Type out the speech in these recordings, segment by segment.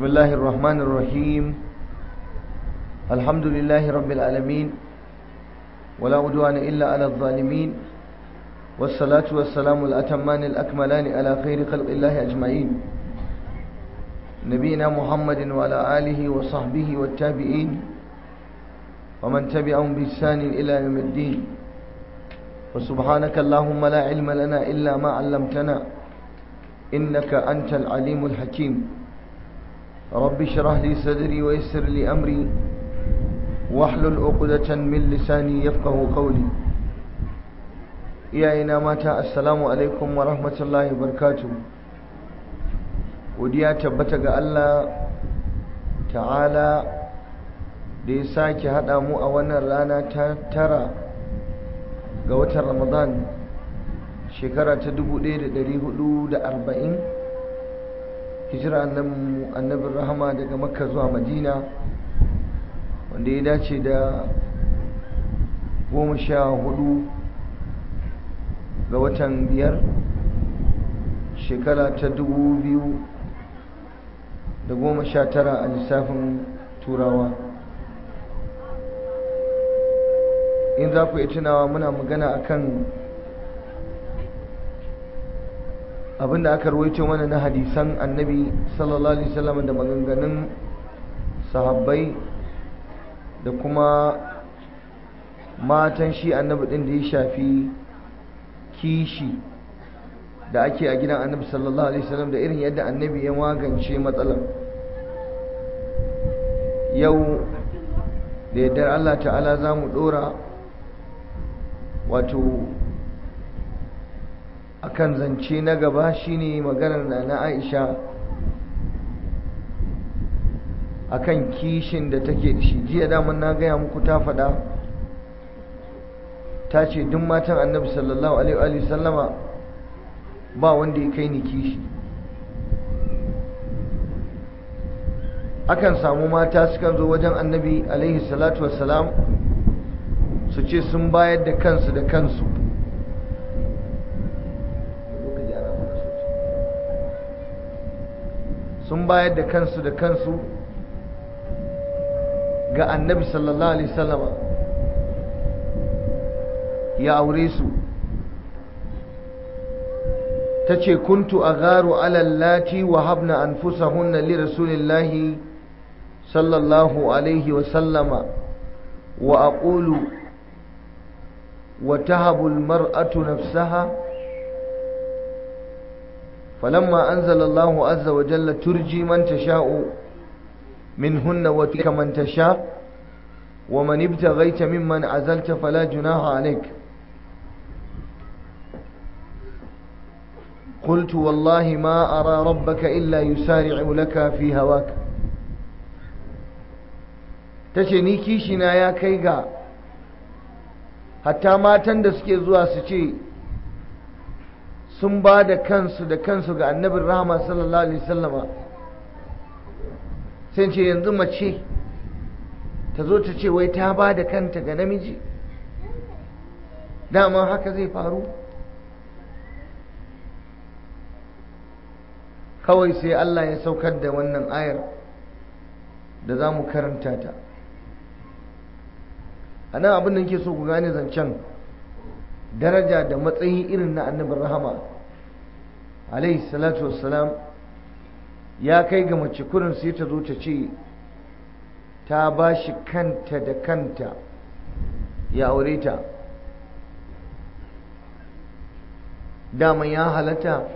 بسم الله الرحمن الرحيم الحمد لله رب العالمين ولا عدوان إلا على الظالمين والصلاة والسلام الأتمان الأكملان على خير خلق الله أجمعين نبينا محمد وعلى آله وصحبه والتابعين ومن تبعهم بإحسان إلى يوم الدين وسبحانك اللهم لا علم لنا إلا ما علمتنا إنك أنت العليم الحكيم رب اشرح لي صدري ويسر لي أمري واحلل عقدة من لساني يفقه قولي iyayena mata assalamu alaikum wa rahmatullahi barkatu godiya tabbata ga Allah ta'ala da ya sake haɗa mu a wannan rana ta tara ga watan ramadan shekara ta dubu ɗaya da da arba'in? hijira annabin rahama daga makka zuwa madina wanda ya dace da goma sha hudu ga watan biyar shekara ta dubu biyu da goma sha tara a lissafin turawa in za ku yi tunawa muna magana akan abinda aka ruwaito mana na hadisan annabi sallallahu alaihi wasallam da maganganun sahabbai da kuma matan shi annabi din da ya shafi kishi da ake a gidan annabi sallallahu alaihi wasallam da irin yadda annabi ya magance matsalar yau da yardar Allah ta'ala za mu dora wato akan zance na gaba shine maganar na na Aisha akan kishin da take da shi jiya damar na gaya muku ta faɗa ta ce duk matan annabi sallallahu alaihi sallama ba wanda ya kai ni kishi akan samu mata sukan zo wajen annabi alaihi salatu wassalam su ce sun bayar da kansu da kansu sun bayar da kansu da kansu ga annabi sallallahu alaihi sallama ya aure su ta ce kuntu a garu alallati wa habna an li rasulillahi sallallahu alaihi wasallama wa aqulu wa tahabul mar'atu nafsaha فلما أنزل الله عز وجل ترجي من تشاء منهن وتلك من تشاء ومن ابتغيت ممن عزلت فلا جناح عليك قلت والله ما أرى ربك إلا يسارع لك في هواك تشني كيشنا يا كيغا hatta matan da suke zuwa su ce sun ba da kansu da kansu ga annabin rahama sallallahu alaihi sallama sai ce yanzu mace ta zo ta ce wai ta ba da kanta ga namiji dama haka zai faru kawai sai Allah ya saukar da wannan ayar da za mu karanta ta a nan abin da ke so ku gane zancen daraja da matsayi irin na annabin rahama alaihi salatu wassalam ya kai ga mace kurin sai ta zo ta ce ta ba shi kanta da kanta ya aure ta dama ya halatta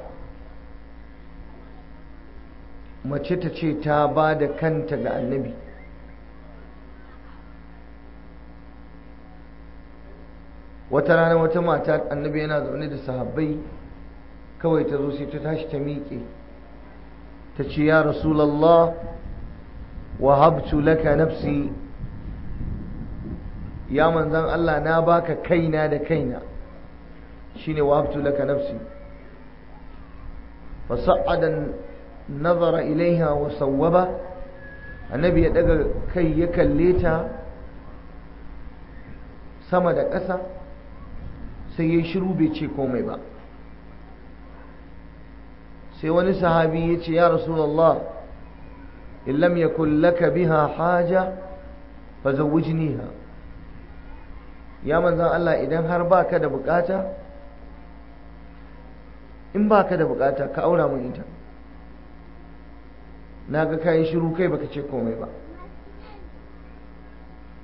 mace ta ce ta ba da kanta ga annabi wata rana wata mata annabi yana zaune da sahabbai kawai ta zo sai ta tashi ta miƙe ta ce ya rasulallah wahabtu laka nafsi ya manzan Allah na baka kaina da kaina shine wahabtu laka nafsi fasa'adan nazara ilaiha wa sawwaba annabi ya daga kai ya kalle ta sama da ƙasa sai ya shiru bai ce komai ba sai wani sahabi ya ce ya rasulullah in lam yakun biha haja fa ha. ya manzan Allah idan har baka da bukata in baka da bukata ka aura mun ita naga kai shiru kai baka ce komai ba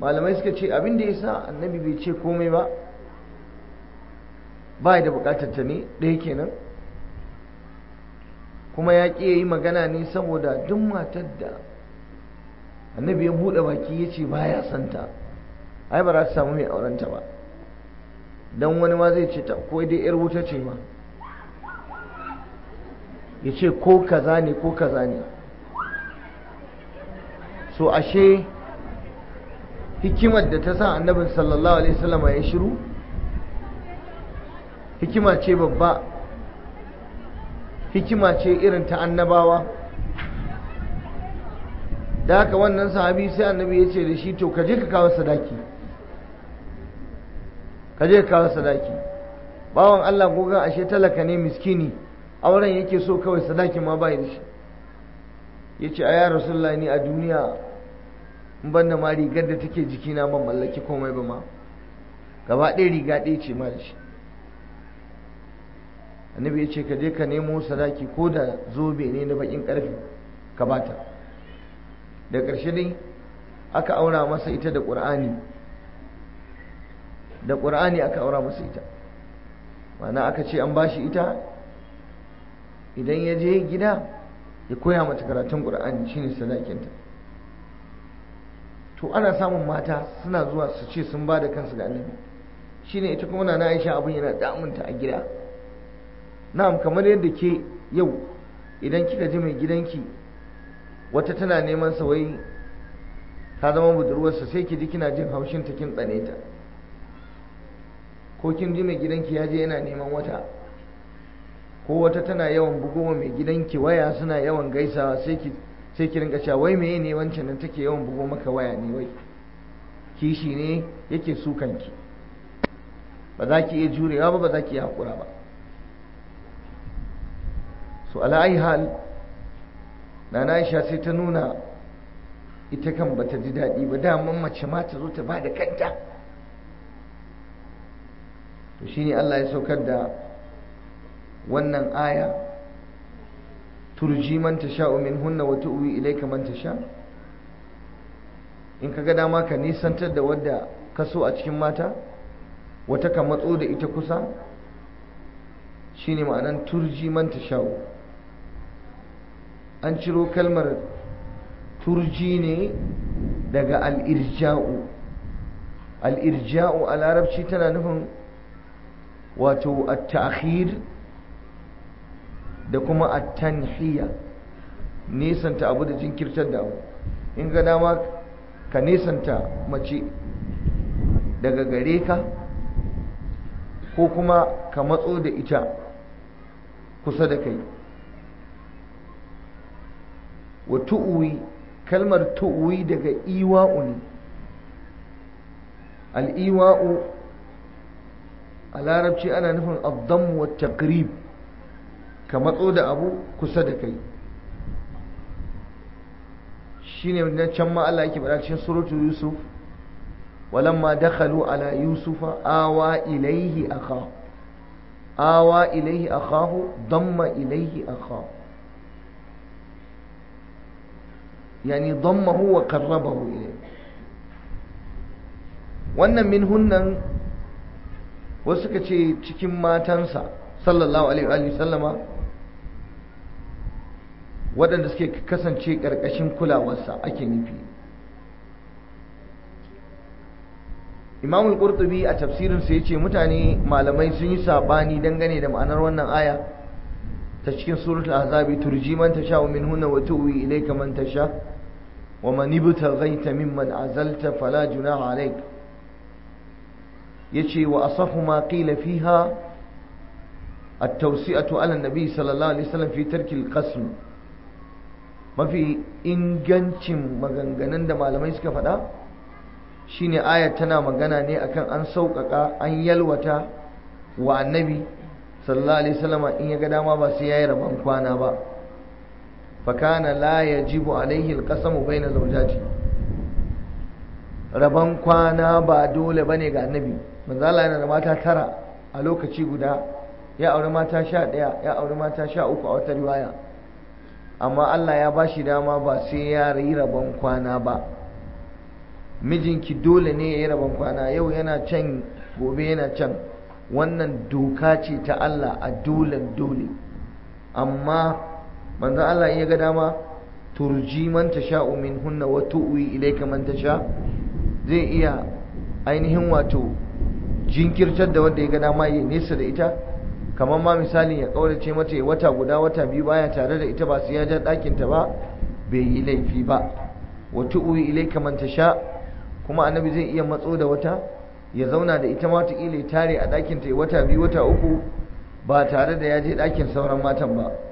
malamai suka ce abin da yasa annabi bai ce komai ba ba da bukatar ta ne ɗaya kenan kuma ya ƙi yi magana ne saboda duk matar da annabi ya buɗe baki ya ce baya son ta ai ba za ta samu mai aurenta ba don wani ma zai ce ta ko dai yar wuta ce ma ya ce ko kaza ne ko kaza ne so ashe hikimar da ta sa annabin sallallahu alaihi wasallama ya shiru hikima ce babba hikima ce irin ta annabawa da haka wannan sahabi sai annabi ya ce da shi to kaje ka kawo sadaki kaje ka kawo sadaki bawan Allah goga ashe talaka ne miskini auren yake so kawai sadakin ma bai da shi yace a rasulullahi ni a duniya in ban da ma rigar da take jikina ban mallaki komai ba ma gaba ɗaya riga ɗaya ce ma da shi annabi ya ce ka je ka nemo sadaki ko da zobe ne na bakin karfe ka bata da ƙarshe dai aka aura masa ita da ƙur'ani da ƙur'ani aka aura masa ita ma'ana aka ce an bashi ita idan ya je gida ya koya mata karatun ƙur'ani shine sadakinta to ana samun mata suna zuwa su ce sun ba da kansu ga annabi shine ita kuma na aisha abin yana damunta a gida na'am kamar yadda ke yau idan kika ji mai gidanki wata tana neman sa ta zama budurwarsa sai ki ji kina jin haushin ta kin tsane ta ko kin ji mai gidanki ya je yana neman wata ko wata tana yawan bugowa mai gidanki waya suna yawan gaisawa sai ki sai ki rinka cewa wai meye ne wancan nan take yawan bugo maka waya ne wai kishi ne yake sukanki ba za ki iya jurewa ba ba za ki iya hakura ba so ala'ayi hal na aisha sai ta nuna ita kan bata ji daɗi ba daman mace ma ta zo ta ba kanta to shine Allah ya saukar da wannan aya turji man tasha'u hunna wa tu'wi ilayka man tasha in kaga dama ka nisantar da wadda ka so a cikin mata wata ka matso da ita kusa shine ma'anan turji man tasha'u an ciro kalmar turji ne daga al'irja'u al'irja'u a larabci tana nufin wato a ta’ahir da kuma a tanhiya nesanta abu da jinkirtar da abu in ga dama ka nesanta mace daga gare ka ko kuma ka matso da ita kusa da kai wa tu'wi kalmar tuuwi daga iwa'u ne al'iwa'u a larabci ana nufin abdam wa takrib ka matso da abu kusa da kai shine na can ma Allah yake faɗa cikin suratul yusuf walamma dakhalu ala yusufa awa ilaihi akahu awa ilaihi akhahu damma ilaihi akhahu yani dammahu wa qarrabahu ilayhi wannan min wasu suka ce cikin matansa sallallahu alaihi wa sallama waɗanda suke kasance ƙarƙashin kulawarsa ake nufi imam al a tafsirinsa ya ce mutane malamai sun yi saɓani dangane da ma'anar wannan aya ta cikin suratul ahzabi turji man tasha wa min hunna wa tuwi ilayka man ومن ابتغيت ممن عزلت فلا جناح عليك يشي وأصف ما قيل فيها التوسئة على النبي صلى الله عليه وسلم في ترك القسم ما في ingancin maganganun da malamai suka faɗa shine aya tana magana ne akan an sauƙaƙa an yalwata wa annabi in ya ga dama ba sai yayi rabon kwana ba فكان la يجب عليه القسم baina zawjati raban kwana ba dole بني ga annabi manzo Allah yana da mata tara a lokaci guda ya auri mata sha ɗaya ya auri mata sha a wata riwaya amma Allah ya ba shi dama ba sai ya yi rabon kwana ba mijinki dole ne ya yi rabon kwana yau yana can gobe yana can wannan doka ce ta Allah a dole dole amma manzon Allah in ya ga dama turji man tasha'u hunna wa tu'wi ilayka man tasha zai iya ainihin wato jinkirtar da wanda ya ga dama ya nesa da ita kamar ma misali ya kaurace mata ya wata guda wata biyu baya tare da ita ba su ya ja dakin ta ba bai yi laifi ba wa tu'wi ilayka man tasha kuma annabi zai iya matso da wata ya zauna da ita mata ile tare a dakin ta wata biyu wata uku ba tare da ya je dakin sauran matan ba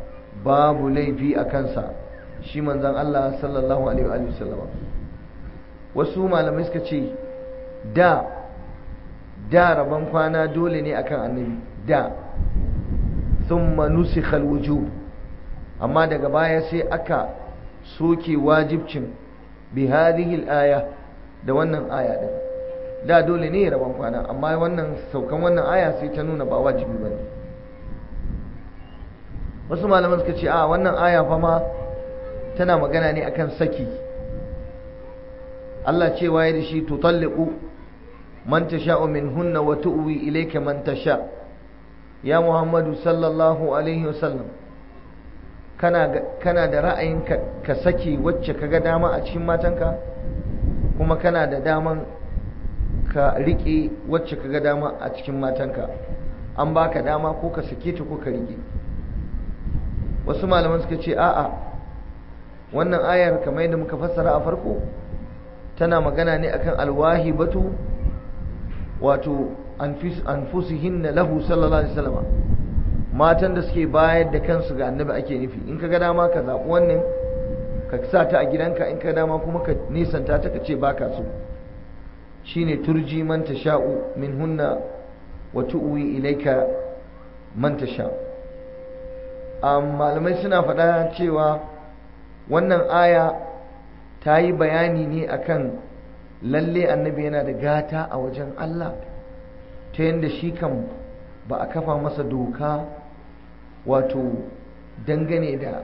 babu laifi a kansa shi manzan Allah sallallahu alaihi wa sallama wasu malamai suka ce da da rabon kwana dole ne akan annabi da sun manusi alwujub amma daga baya sai aka soke wajibcin bi hadhihi da wannan aya din da dole ne rabon kwana amma wannan saukan wannan aya sai ta nuna ba wajibi ba ne. wasu malaman suka ce a ah, wannan aya fa ma tana magana ne akan saki Allah ce ya da shi tutalliqu man tasha'u minhunna wa tu'wi ilayka man tasha ya Muhammadu sallallahu alaihi wasallam kana kana da ra'ayin ka, ka saki wacce kaga dama a cikin matanka kuma kana da daman ka rike wacce kaga dama a cikin matanka an baka dama ko ka sake ta ko ka rike wasu malaman suka ce a'a wannan ayar kamar yadda muka fassara a farko tana magana ne akan alwahi batu wato anfusihin lahu sallallahu alaihi wasallam matan da suke bayar da kansu ga annabi ake nufi in ka ga dama ka zaɓi wannan ka sa ta a gidanka in ka dama kuma ka nisanta ta ka ce baka so shine turji man tasha'u min hunna wa tu'wi ilaika man tasha'u malamai suna faɗa cewa wannan aya ta yi bayani ne akan lalle annabi yana da gata a wajen Allah ta yadda shi kan ba a kafa masa doka wato dangane da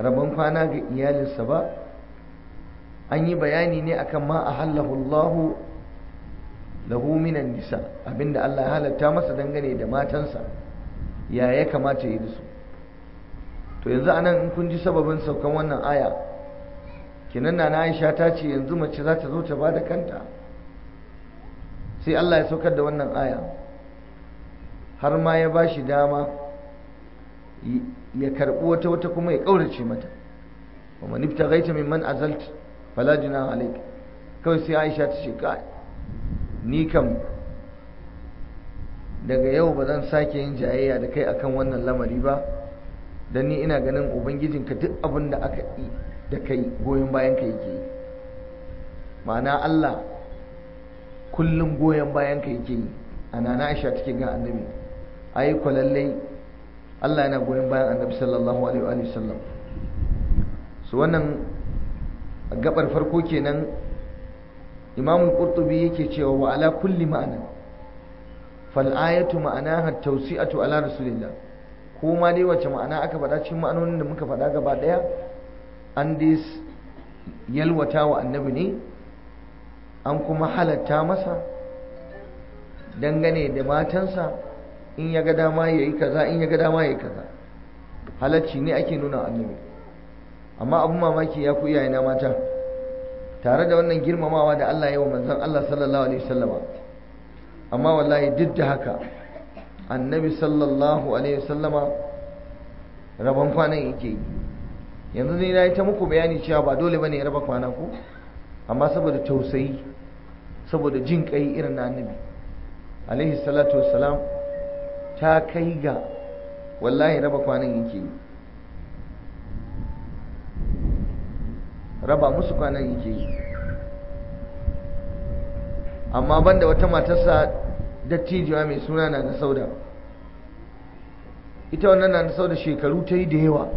rabon kwana ga iyalinsa ba an yi bayani ne akan ma a halahullahu lahu minan nisa abinda Allah ya halatta masa dangane da matansa ya ya kamata yi da su to yanzu anan in kun ji sababin saukan wannan aya kinan na Aisha ta ce yanzu mace za ta zo ta bada kanta sai Allah ya saukar da wannan aya har ma ya ba shi dama ya karbi wata wata kuma ya kaurace mata wa man ibtaghaita mimman azalt fala junaha alayk kawai sai Aisha ta ce kai ni kam daga yau ba zan sake yin jayayya da kai akan wannan lamari ba don ni ina ganin ubangijinka duk abin da aka yi da kai goyon bayan ka yake yi ma'ana Allah kullum goyon bayan ka yake yi a nana aisha take ga annabi ai kwalallai Allah yana goyon bayan annabi sallallahu alaihi wa sallam su wannan gabar farko kenan imamul qurtubi yake cewa wa ala kulli ma'ana fal ayatu ma'anaha tawsi'atu ala rasulillah ko ma dai wace ma'ana aka faɗa cikin ma'anonin da muka faɗa gaba ɗaya an dai yalwata wa annabi ne an kuma halatta masa dangane da matansa in ya ga dama ya yi kaza in ya ga dama ya yi kaza halacci ne ake nuna annabi amma abin mamaki ya ku na mata tare da wannan girmamawa da Allah ya yi wa manzon Allah sallallahu alaihi wasallama amma wallahi duk da haka annabi sallallahu alaihi wasallama rabon kwanan yake yi yanzu ne na yi ta muku bayani cewa ba dole bane ya raba kwana ko amma saboda tausayi saboda jin kai irin na annabi alaihi salatu wasalam ta kai ga wallahi raba kwanan yake yi raba musu kwanan yake yi amma banda wata matarsa dattijuwa mai suna na da sauda ita wannan na da sauda shekaru ta yi da yawa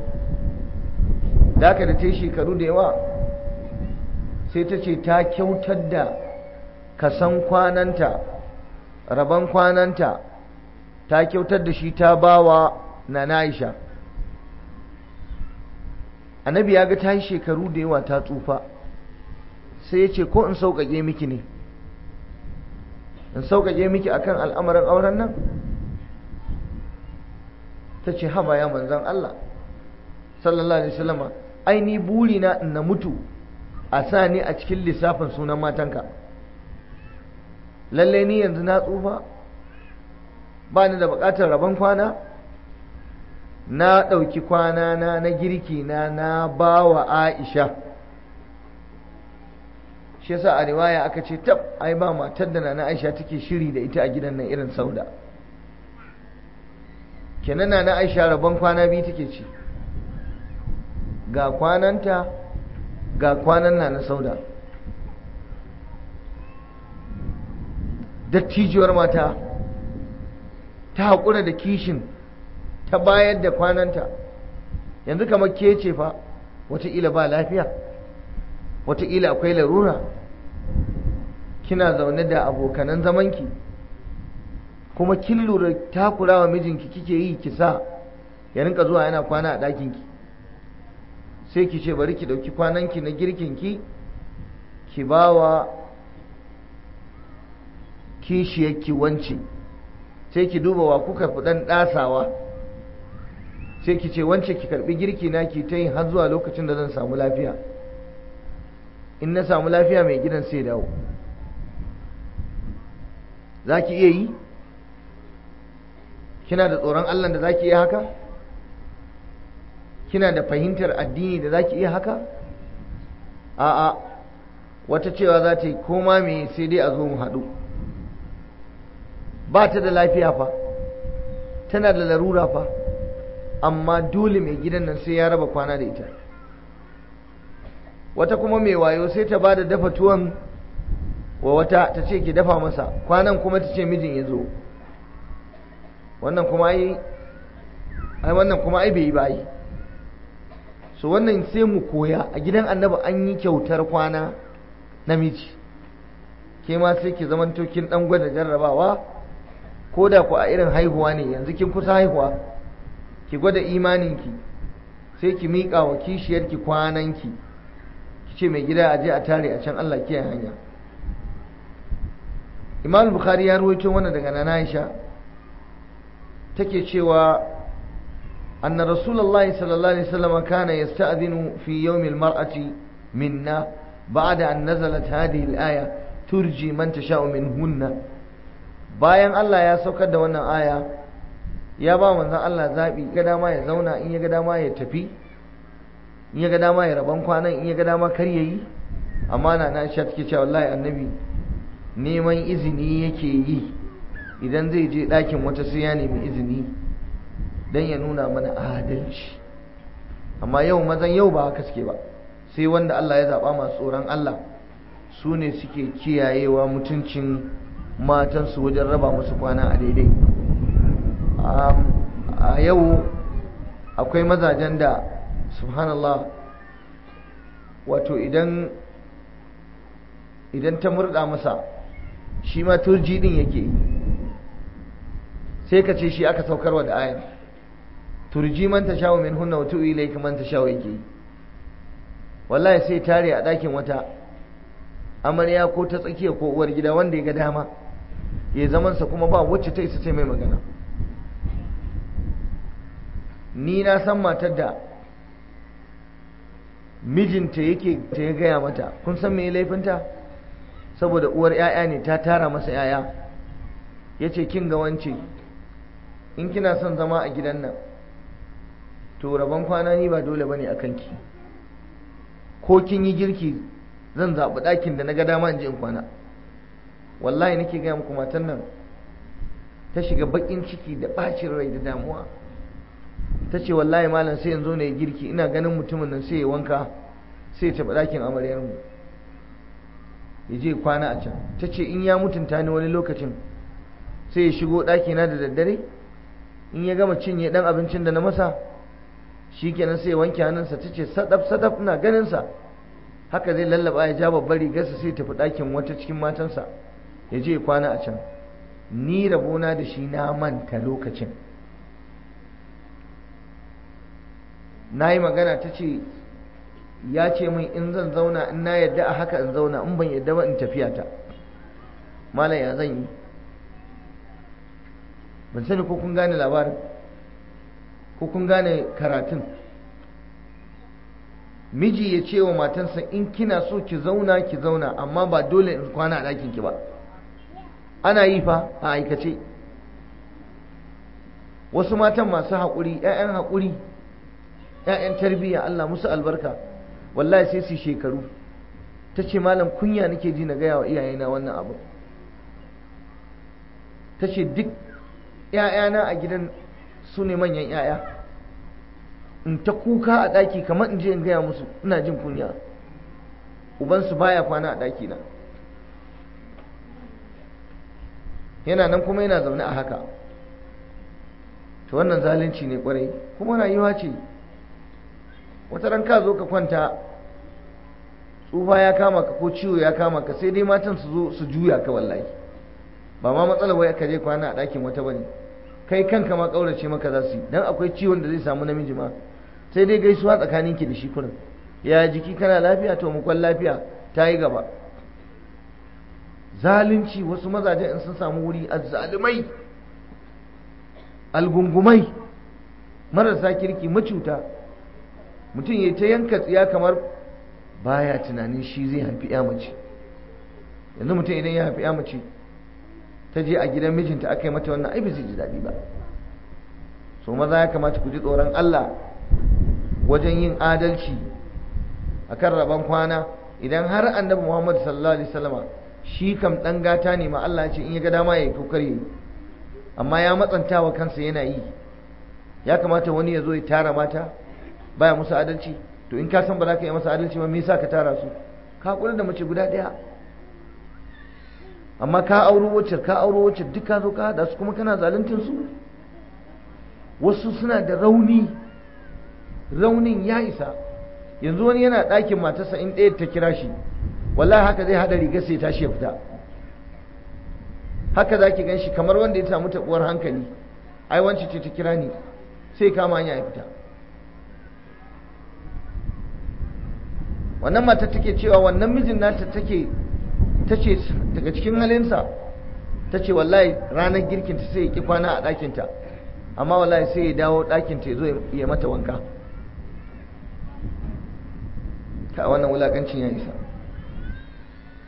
da aka da ta yi shekaru da yawa sai ta ce ta kyautar da kasan kwananta rabon kwananta ta kyautar da shi ta bawa na na'isha annabi ya ga ta yi shekaru da yawa ta tsufa sai ya ce ko in sauƙaƙe miki ne in sauƙaƙe miki akan al'amarin auren nan ta ce haba ya manzan Allah sallallahu alaihi wasallama ai ni burina na mutu a sa ni a cikin lissafin sunan matanka lalle ni yanzu na tsufa ba ni da buƙatar rabon kwana na ɗauki kwana na na girki na na ba aisha shi yasa a riwaya aka ce tab ai ba matar da nana aisha take shiri da ita a gidan nan irin sauda kenan nana aisha rabon kwana biyu take ci ga kwananta ga kwanan nana sauda dattijuwar mata ta haƙura da kishin ta bayar da kwananta yanzu kamar ke ce fa wata ila ba lafiya wataƙila akwai larura kina zaune da abokanan zamanki kuma kin lura takura wa mijinki kike yi ki ya rinka zuwa yana kwana a ɗakinki sai ki ce bari ki ɗauki kwananki na girkinki ki ba wa kishiyarki wance sai ki duba wa kuka fi ɗan ɗasawa sai ki ce wance ki karɓi girki na ki ta yin har zuwa lokacin da zan samu lafiya in na samu lafiya mai gidan sai dawo za ki iya yi kina da tsoron allah da za ki iya haka kina da fahimtar addini da za ki iya haka a'a wata cewa za ta yi koma mai sai dai a zo mu haɗu ba ta da lafiya fa tana da larura fa amma dole mai gidan nan sai ya raba kwana da ita wata kuma mai wayo sai ta bada dafa tuwon wa wata ta ce ki dafa masa kwanan kuma ta ce mijin ya zo wannan kuma ai ai wannan kuma ai bai yi ba ai so wannan sai mu koya a gidan annabi an yi kyautar kwana namiji ke ma sai ki zamanto kin dan gwada jarrabawa ko da ku a irin haihuwa ne yanzu kin kusa haihuwa ki gwada imaninki sai ki miƙa wa kishiyarki kwananki ce mai gida a je a tare a can Allah kiyaye hanya Imam Bukhari ya rawaito wannan daga Nana Aisha take cewa anna Rasulullahi sallallahu alaihi wasallam kana yasta'dhinu fi yawm al-mar'ati minna ba'da an nazalat hadhihi al-aya turji man tasha'u minhunna bayan Allah ya saukar da wannan aya ya ba manzon Allah zabi ga dama ya zauna in ya ga dama ya tafi in ya ga dama ya rabon kwanan in ya ga dama kar yayi amma na na sha take cewa wallahi annabi neman izini yake yi idan zai je ɗakin wata sai ya nemi izini Dan ya nuna mana adalci amma yau mazan yau ba haka suke ba sai wanda Allah ya zaba masu tsoron Allah su ne suke kiyayewa mutuncin matansu wajen raba musu kwana a daidai a yau akwai mazajen da subhanallah wato idan idan ta murda masa shi ma turji din yake sai ka ce shi aka saukarwa da 'ayar turji man ta shawo min hunna wa ilai ka man ta shawo yake wallahi sai tare a dakin wata amarya ko ta tsakiya ko uwar gida wanda ya ga dama ya zamansa kuma ba wacce ta isa sai mai magana ni na san matar da mijinta yake ta ya gaya mata kun san mai laifinta saboda uwar 'ya'ya ne ta tara masa 'ya'ya ya ce kin ga wance in kina son zama a gidan nan to rabon kwana ni ba dole ne a kanki ko kin yi girki zan zaɓi ɗakin da na ga dama in ji in kwana wallahi nake gaya muku matan nan ta shiga baƙin ciki da ɓacin rai da damuwa ta ce wallahi malam sai yanzu zo na girki ina ganin mutumin nan sai ya wanka sai ya taɓa ɗakin amaryarmu ya je kwana a can ta ce in ya mutunta ni wani lokacin sai ya shigo ɗakina da daddare in ya gama cinye ɗan abincin da na masa shi kenan sai ya wanke hannunsa ta ce sadaf sadaf ina ganinsa haka zai lallaba ya ja babbar rigarsa sai ya tafi ɗakin wata cikin matansa ya je kwana a can ni rabona da shi na manta lokacin na yi magana ta ce ya ce min in zan zauna in na yadda a haka in zauna in ban yadda ba in tafiya ta malam ya zan yi ban sani ko kun gane labarin ko kun gane karatun miji ya ce wa matansa in kina so ki zauna ki zauna amma ba dole in kwana a ɗakin ba ana yi fa a aikace wasu matan masu haƙuri 'ya'yan haƙuri 'ya'yan tarbiyya Allah musu albarka wallahi sai su shekaru ta ce malam kunya nake ji na gaya wa iyayena wannan abu ta ce duk 'ya'yana a gidan su ne manyan 'ya'ya in ta kuka a ɗaki kamar in je in gaya musu ina jin kunya ubansu baya kwana a ɗaki na yana nan kuma yana zaune a haka to wannan zalunci ne kwarai kuma rayuwa ce wata ran ka zo ka kwanta tsufa ya kama ka ko ciwo ya kama ka sai dai matan su zo su juya ka wallahi ba ma matsala wai ka je kwana a ɗakin wata bane kai kanka ma ƙaurace maka za su yi dan akwai ciwon da zai samu namiji ma sai dai gaisuwa tsakanin ki da shi kurin ya jiki kana lafiya to mukwan lafiya ta yi gaba zalunci wasu mazajen in sun samu wuri azzalumai algungumai marasa kirki macuta mutum ya ta yanka tsiya kamar baya tunanin shi zai haifi ya mace yanzu mutum idan ya haifi ya mace ta je a gidan mijinta aka yi mata wannan ai zai ji daɗi ba so maza ya kamata ku ji tsoron Allah wajen yin adalci akan rabon kwana idan har annabi Muhammad sallallahu alaihi wasallama shi kam ɗan gata ne ma Allah ce in ya ga dama ya yi kokari amma ya matsantawa kansa yana yi ya kamata wani ya zo ya tara mata baya musu adalci to in ka san ba za ka yi masa adalci ba me yasa ka tara su ka kula da mace guda ɗaya amma ka auro wacce ka auro wacce duk ka zo ka hada su kuma kana zaluntar su wasu suna da rauni raunin ya isa yanzu wani yana ɗakin matarsa in ɗaya ta kira shi wallahi haka zai haɗa riga sai tashi ya fita haka za ki gan shi kamar wanda ya samu taɓuwar hankali ai wance ce ta kira ni sai kama hanya ya fita wannan mata take cewa wannan mijin nata take tace daga cikin halinsa tace wallahi ranar girkin ta sai ya ki kwana a ɗakin ta amma wallahi sai ya dawo ɗakin ta zo ya mata wanka ka wannan wulakancin ya isa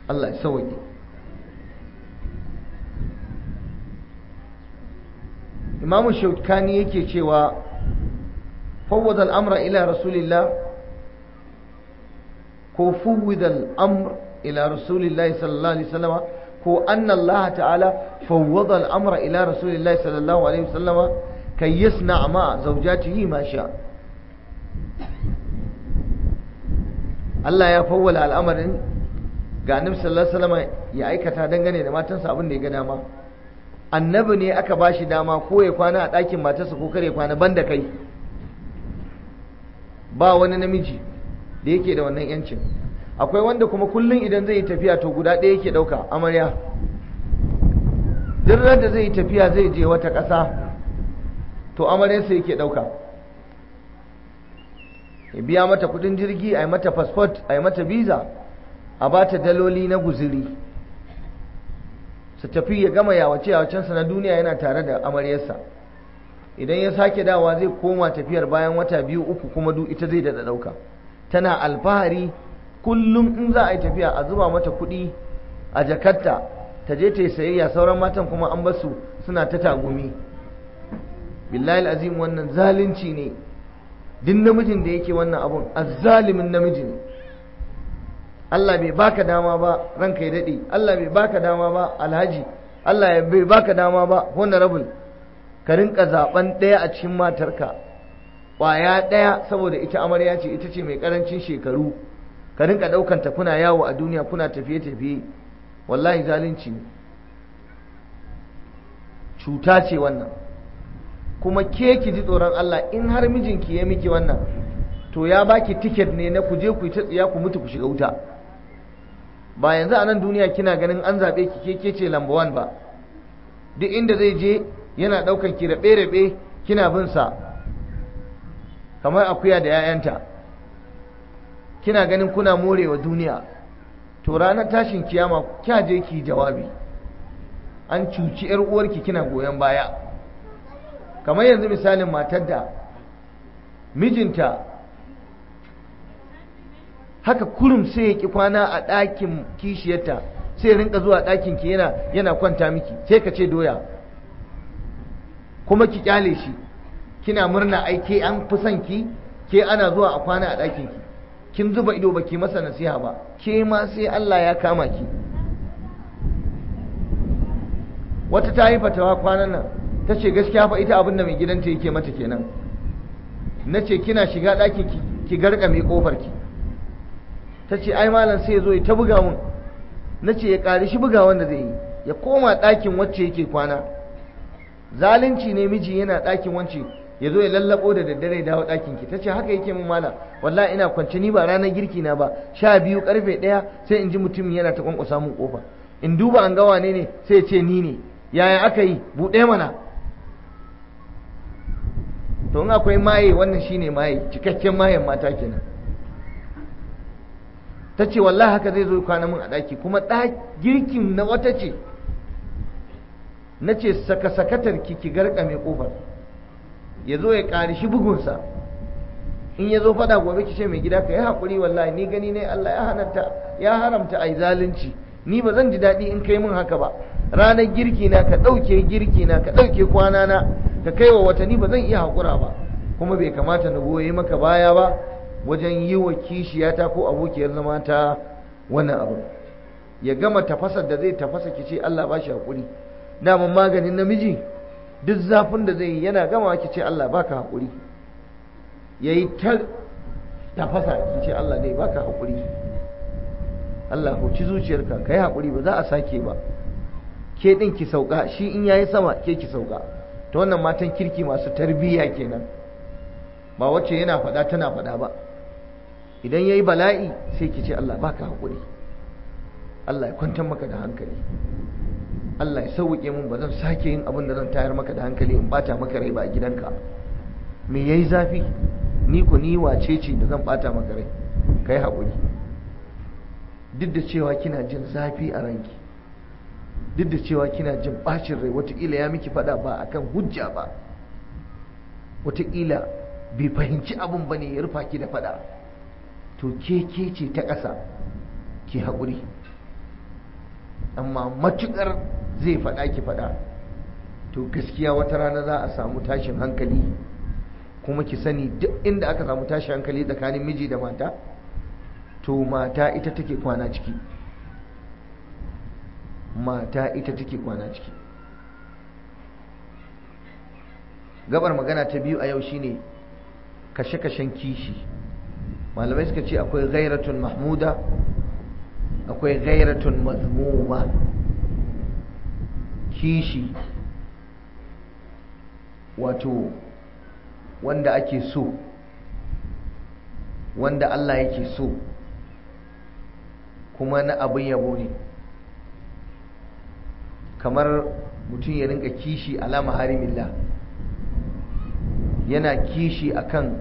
Allah ya sauke Imam Shawkani yake cewa fawwada al-amra ila Rasulillah ko fuwidan amr ila rasulillahi sallallahu alaihi wasallam ko anna Allah ta'ala fawwada al-amra ila rasulillahi sallallahu alaihi wasallam kay yasna ma zawjatihi ma sha Allah ya fawwala al'amarin ga annabi sallallahu alaihi wasallam ya aikata dangane da matansa abin da ya ga dama annabi ne aka ba shi dama ko ya kwana a ɗakin matarsa ko kare kwana banda kai ba wani namiji da yake da wannan yancin akwai wanda kuma kullum idan zai yi tafiya to guda ɗaya yake ɗauka amarya duk da zai yi tafiya zai je wata ƙasa to amaryarsa yake ɗauka ya biya mata kuɗin jirgi a yi mata fasfot a yi mata biza a ba ta daloli na guziri su tafi ya gama yawace yawacensa na duniya yana tare da amaryarsa idan ya sake dawa zai koma tafiyar bayan wata biyu uku kuma duk ita zai dada ɗauka tana alfahari kullum in za a yi tafiya a zuba mata kuɗi a jakarta ta je ta yi sayayya sauran matan kuma an basu suna ta tagumi billahi azim wannan zalunci ne duk namijin da yake wannan abun azzalimin namiji ne Allah bai baka dama ba ranka ya daɗe Allah bai baka dama ba alhaji Allah bai baka dama ba honorable ka rinka zaben ɗaya a cikin matarka ƙwaya ɗaya saboda ita amarya ce ita ce mai ƙarancin shekaru ka rinka ɗaukanta kuna yawo a duniya kuna tafiye-tafiye wallahi zalunci ne cuta ce wannan kuma ke ki ji tsoron Allah in har mijinki ya miki wannan to ya baki tiket ne na kuje ku ta tsiya ku mutu ku shiga wuta ba yanzu a nan duniya kina ganin an zaɓe ki ke ke ce lamba wan ba duk inda zai je yana ɗaukan ki rabe raɓe kina bin sa kamar akuya da 'ya'yanta kina ganin kuna morewa duniya to ranar tashin kiyama kya je ki jawabi an cuci 'yar uwarki kina goyon baya kamar yanzu misalin matar da mijinta haka kurum sai ya ki kwana a ɗakin kishiyarta sai rinka zuwa ɗakin ki yana yana kwanta miki sai ka ce doya kuma ki kyale shi kina murna ai ke an fi son ki ke ana zuwa a kwana a ɗakin ki kin zuba ido baki masa nasiha ba ke ma sai Allah ya kama ki wata ta yi fatawa kwanan nan ta ce gaskiya fa ita abinda mai gidanta yake mata kenan na ce kina shiga ɗakin ki mai kofar ki ta ce ai malam sai ya ya ta buga mun na ce ya ƙari shi buga wanda zai yi ya koma ɗakin wacce yake kwana zalunci ne miji yana ɗakin wance ya zo ya lallabo da daddare dawo ɗakin ki tace haka yake min mala wallahi ina kwance ni ba ranar girki na ba sha biyu karfe ɗaya sai in ji mutumin yana ta kwankwasa min kofa in duba an ga wane ne sai ce ni ne yaya aka yi buɗe mana to in akwai maye wannan shine maye cikakken mayen mata kenan ta ce wallahi haka zai zo kwana min a ɗaki kuma girkin na wata ce na ce saka-sakatar ki ki garkame kofar ya zo ya ƙarishi bugunsa in ya zo faɗa gobe ki ce mai gida ka yi haƙuri wallahi ni gani ne Allah ya haramta ya haramta zalunci ni ba zan ji daɗi in kai min haka ba ranar girki na ka ɗauke girki na ka ɗauke kwana na ka kai wa ni ba zan iya haƙura ba kuma bai kamata na goye maka baya ba wajen yi wa kishiyata ko abokiyar zama ta wannan abu ya gama tafasar da zai tafasa ki ce Allah ba shi haƙuri daman maganin namiji duk zafin da zai yi yana gama ki ce Allah baka haƙuri ya yi ta tafasa ki ce Allah dai baka haƙuri Allah huci zuciyarka ka yi haƙuri ba za a sake ba ke ɗin ki sauka shi in ya yi sama ke ki sauka ta wannan matan kirki masu tarbiyya kenan ba wacce yana faɗa tana faɗa ba idan ya yi bala'i sai ki ce Allah baka haƙuri Allah ya kwantar maka da hankali Allah ya sauke mun ba zan sake yin abin da zan tayar maka da hankali in bata maka rai ba a gidanka me yayi zafi ni ko ni wace ce da zan bata maka rai kai hakuri. duk da cewa kina jin zafi a ranki duk da cewa kina jin bacin rai wataƙila ya miki faɗa ba akan hujja ba wataƙila bai fahimci abin ba ne ya rufa ki da faɗa to keke ce ta ƙasa ki hakuri? amma matuƙar zai faɗa ki faɗa to gaskiya wata rana za a samu tashin hankali kuma ki sani duk inda aka samu tashin hankali tsakanin miji da mata to mata ita take kwana ciki mata ita take kwana ciki gabar magana ta biyu a yau shine kashe-kashen kishi malamai suka ce akwai gairatun mahmuda akwai gairatun mazmuma kishi wato wanda ake so wanda Allah yake so kuma na abin yabo ne kamar mutum ya rinka kishi alama harimilla, yana kishi akan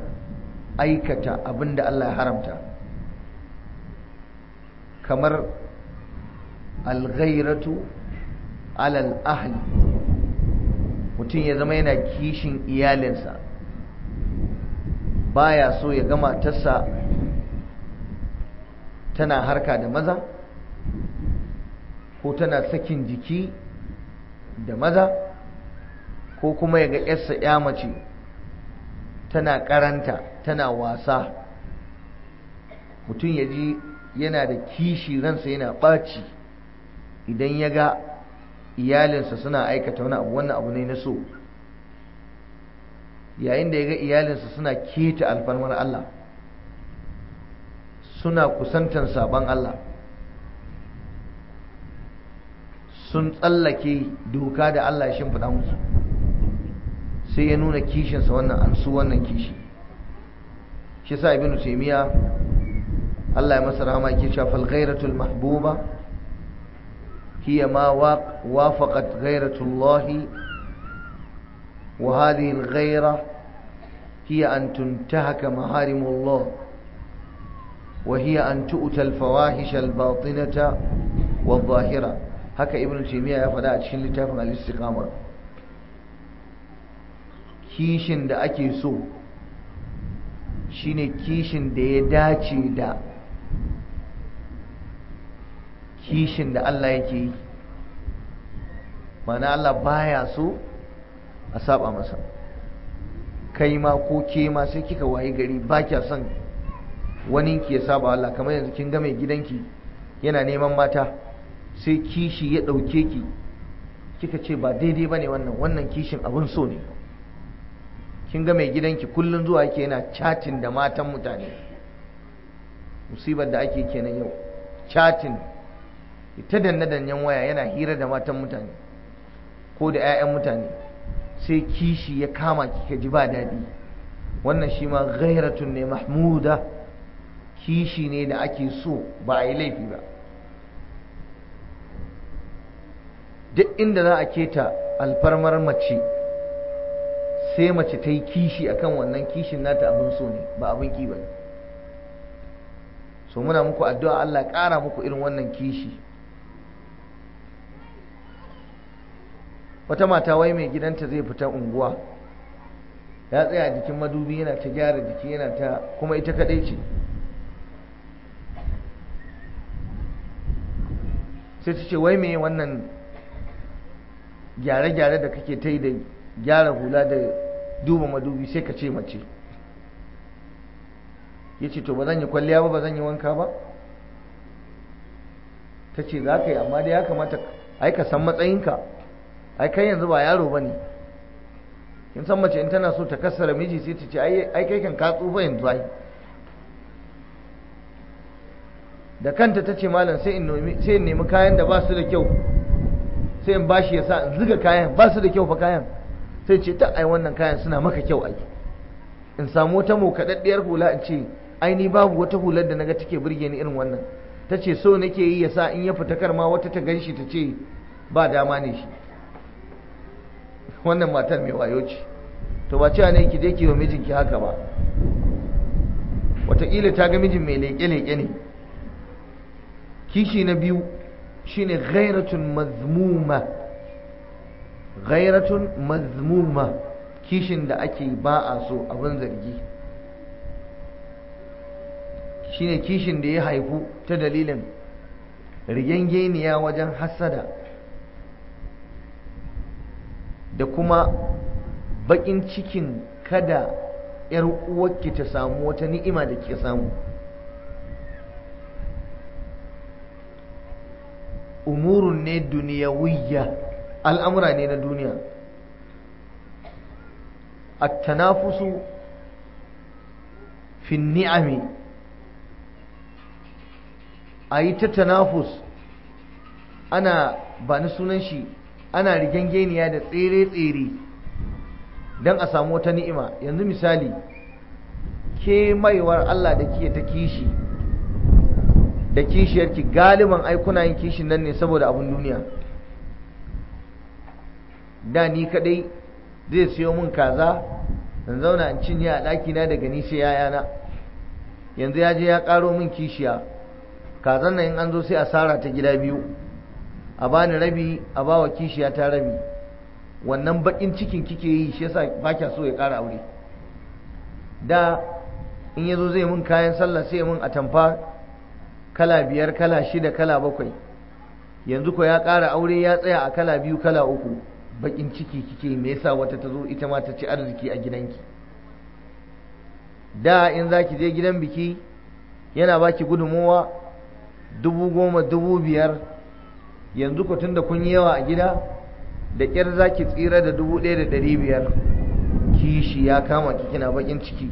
aikata abin da Allah ya haramta kamar alghairatu alal ahli mutum ya zama yana kishin iyalinsa baya so ya gama tassa tana harka da maza ko tana sakin jiki da maza ko kuma ya ga yarsa ya mace tana karanta tana wasa mutum ya ji yana da kishi ransa yana ɓaci idan ya ga iyalinsa suna aikata wani abu wannan abu ne na so yayin da ya ga iyalinsa suna keta alfarmar Allah suna kusantan sabon Allah sun tsallake doka da Allah ya shimfiɗa musu sai ya nuna kishinsa wannan an su wannan kishi shi sa ibnu taymiya Allah ya masa rama ke shafal ghairatul mahbuba هي ما وافقت غيرة الله وهذه الغيرة هي أن تنتهك محارم الله وهي أن تؤتى الفواحش الباطنة والظاهرة هكا ابن تيمية يفدأ تشين لتافن الاستقامة kishin da ake so shine kishin da ya dace da kishin da Allah yake yi mana Allah baya so a saba masa kai ma ko ke ma sai kika wayi gari ba kya son wani ki ya saba Allah kamar yanzu kin ga mai gidanki yana neman mata sai kishi ya ɗauke ki kika ce ba daidai ba ne wannan wannan kishin abin so ne kin ga mai gidanki kullum zuwa yake yana chatin da matan mutane musibar da ake kenan yau chatin ta danne danyen waya yana hira da matan mutane ko da 'ya'yan mutane sai kishi ya kama ki ka ji ba daɗi wannan shi ma ghairatun ne mahmuda kishi ne da ake so ba a yi laifi ba duk inda za a keta alfarmar mace sai mace ta yi kishi akan wannan kishin nata abin so ne ba abin ki ba ne so muna muku addu'a Allah ƙara muku irin wannan kishi wata mata wai mai gidanta zai fita unguwa ya tsaya jikin madubi yana ta gyara jiki yana ta kuma ita kadai ce sai ta ce wai mai wannan gyare-gyare da kake ta yi da gyara hula da duba madubi sai ka ce mace ya ce to ba zan yi kwalliya ba ba zan yi wanka ba ta ce za ka yi amma da ya kamata ai ka san matsayinka ai kai yanzu ba yaro bane kin san mace in tana so ta kassara miji sai ta ce ai kai kan ka tsufa yanzu ai da kanta ta ce malam sai in nemi kayan da ba su da kyau sai in bashi ya sa in zuga kayan ba su da kyau fa kayan sai ce ta ai wannan kayan suna maka kyau ai in samu wata mokaɗaɗɗiyar hula in ce ai ni babu wata hular da naga take burge ni irin wannan ta ce so nake yi ya sa in ya fita karma wata ta ganshi ta ce ba dama ne shi wannan matar mai wayo ce to ba cewa ne ki je ki wa mijinki haka ba wataƙila ta ga mijin mai leƙe-leƙe ne kishi na biyu shine ghairatun mazmuma ghairatun mazmuma kishin da ake ba a so abin zargi shine kishin da ya haifu ta dalilin rigengeniya wajen hasada da kuma baƙin cikin kada ‘yar uwarki ta samu wata ni'ima da ke samu umurun ne duniyawiyya al'amura ne na duniya tanafusu, التنافس ayi ta tanafus ana ba ni sunan shi. ana geniya da tsere-tsere don a samu wata ni'ima yanzu misali ke maiwar Allah da ke ta kishi da kishiyarki galiban aikuna yin kishin nan ne saboda abin duniya da ni kadai zai siyo min kaza in zauna in cinye a ɗakina daga ni sai yayana yanzu ya je ya ƙaro min kishiya kazan nan in an zo sai a sara ta gida biyu a bani rabi a bawa kishiya ta rabi wannan bakin cikin kike yi shi yasa ba kya so ya kara aure da in yazo zai mun kayan sallah sai mun atamfa kala biyar kala shida kala bakwai yanzu ko ya ƙara aure ya tsaya a kala biyu kala uku bakin ciki kike me yasa wata ta zo ita ma ta ci arziki a gidanki da in za ki je gidan biki yana baki gudunmowa dubu goma dubu biyar yanzu ku tunda kun yi yawa a gida da ƙyar za ki tsira da dubu da ɗari biyar kishi ya kama ki kina bakin ciki